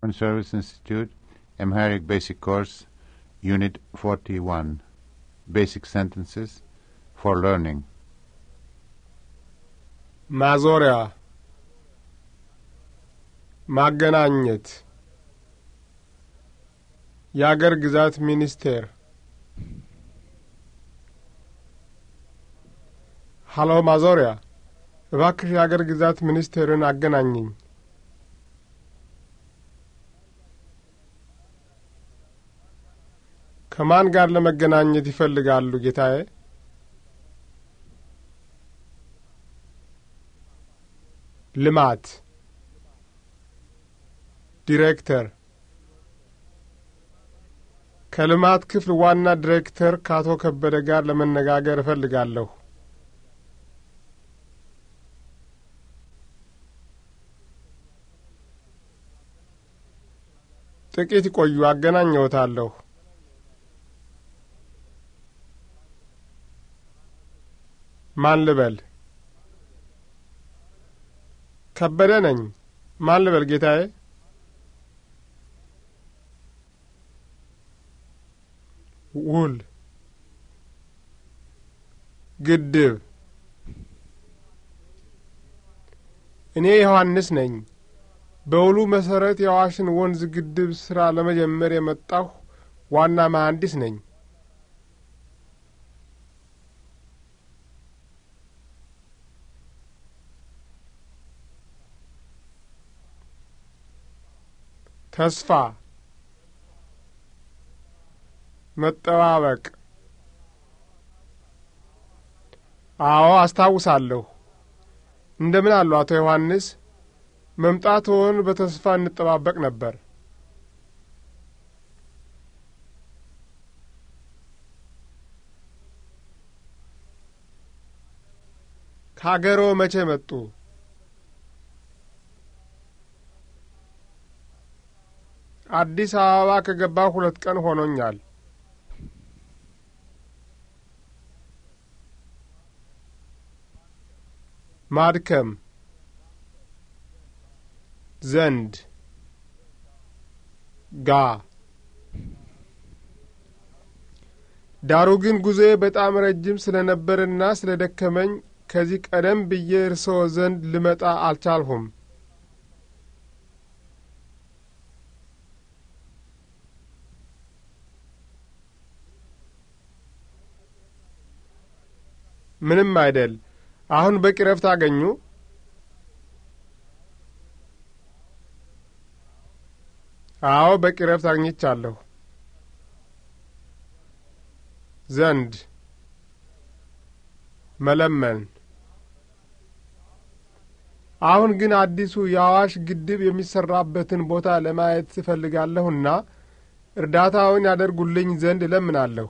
Foreign Service Institute, Amharic Basic Course, Unit 41, Basic Sentences for Learning. ማዞሪያ ማገናኘት የአገር ግዛት ሚኒስቴር ሀሎ ማዞሪያ እባክሽ የአገር ግዛት ሚኒስቴርን አገናኘኝ ከማን ጋር ለመገናኘት ይፈልጋሉ ጌታዬ? ልማት ዲሬክተር ከልማት ክፍል ዋና ዲሬክተር ከአቶ ከበደ ጋር ለመነጋገር እፈልጋለሁ። ጥቂት ይቆዩ፣ አገናኘዎታለሁ። ማን ልበል? ከበደ ነኝ። ማን ልበል ጌታዬ? ውል ግድብ እኔ ዮሐንስ ነኝ። በውሉ መሰረት የዋሽን ወንዝ ግድብ ሥራ ለመጀመር የመጣሁ ዋና መሐንዲስ ነኝ። ተስፋ መጠባበቅ አዎ አስታውሳለሁ። እንደምን አሉ አቶ ዮሐንስ? መምጣትዎን በተስፋ እንጠባበቅ ነበር። ከአገሮ መቼ መጡ? አዲስ አበባ ከገባ ሁለት ቀን ሆኖኛል። ማድከም ዘንድ ጋ ዳሩ ግን ጉዞዬ በጣም ረጅም ስለ ስለደከመኝ ከዚህ ቀደም ብዬ እርስዎ ዘንድ ልመጣ አልቻልሁም። ምንም አይደል። አሁን በቂ ረፍት አገኙ? አዎ፣ በቂ ረፍት አግኝቻለሁ። ዘንድ መለመን። አሁን ግን አዲሱ የአዋሽ ግድብ የሚሰራበትን ቦታ ለማየት እፈልጋለሁና እርዳታውን ያደርጉልኝ ዘንድ እለምናለሁ።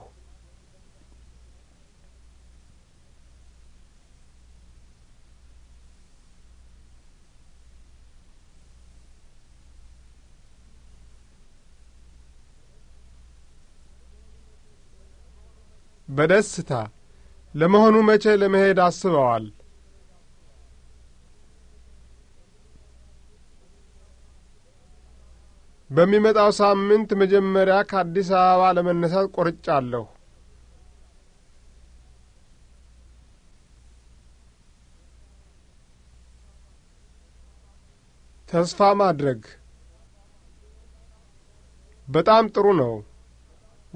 በደስታ ለመሆኑ መቼ ለመሄድ አስበዋል? በሚመጣው ሳምንት መጀመሪያ ከአዲስ አበባ ለመነሳት ቆርጫለሁ። ተስፋ ማድረግ በጣም ጥሩ ነው።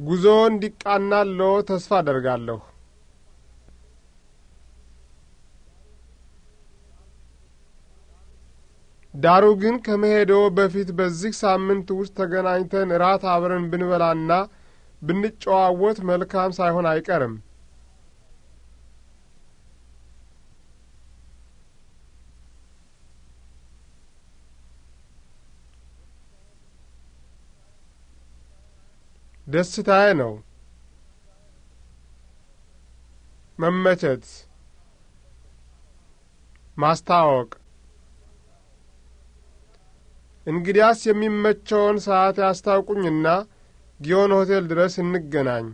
ጉዞ እንዲቃናሎ ተስፋ አደርጋለሁ። ዳሩ ግን ከመሄደው በፊት በዚህ ሳምንት ውስጥ ተገናኝተን እራት አብረን ብንበላና ብንጨዋወት መልካም ሳይሆን አይቀርም። ደስታዬ ነው። መመቸት፣ ማስታወቅ። እንግዲያስ የሚመቸውን ሰዓት ያስታውቁኝና ጊዮን ሆቴል ድረስ እንገናኝ።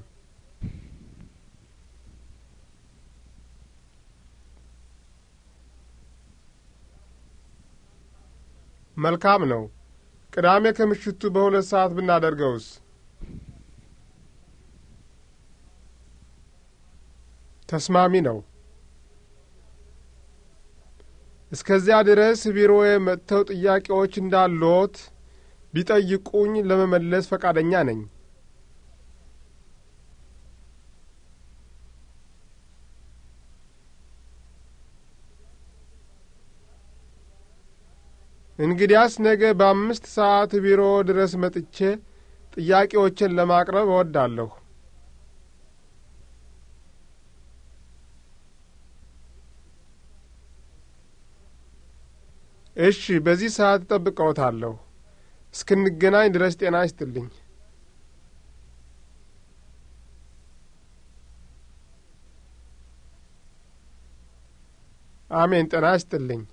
መልካም ነው። ቅዳሜ ከምሽቱ በሁለት ሰዓት ብናደርገውስ? ተስማሚ ነው። እስከዚያ ድረስ ቢሮዬ መጥተው ጥያቄዎች እንዳሎት ቢጠይቁኝ ለመመለስ ፈቃደኛ ነኝ። እንግዲያስ ነገ በአምስት ሰዓት ቢሮ ድረስ መጥቼ ጥያቄዎችን ለማቅረብ እወዳለሁ። እሺ፣ በዚህ ሰዓት እጠብቀውታለሁ። እስክንገናኝ ድረስ ጤና ይስጥልኝ። አሜን፣ ጤና ይስጥልኝ።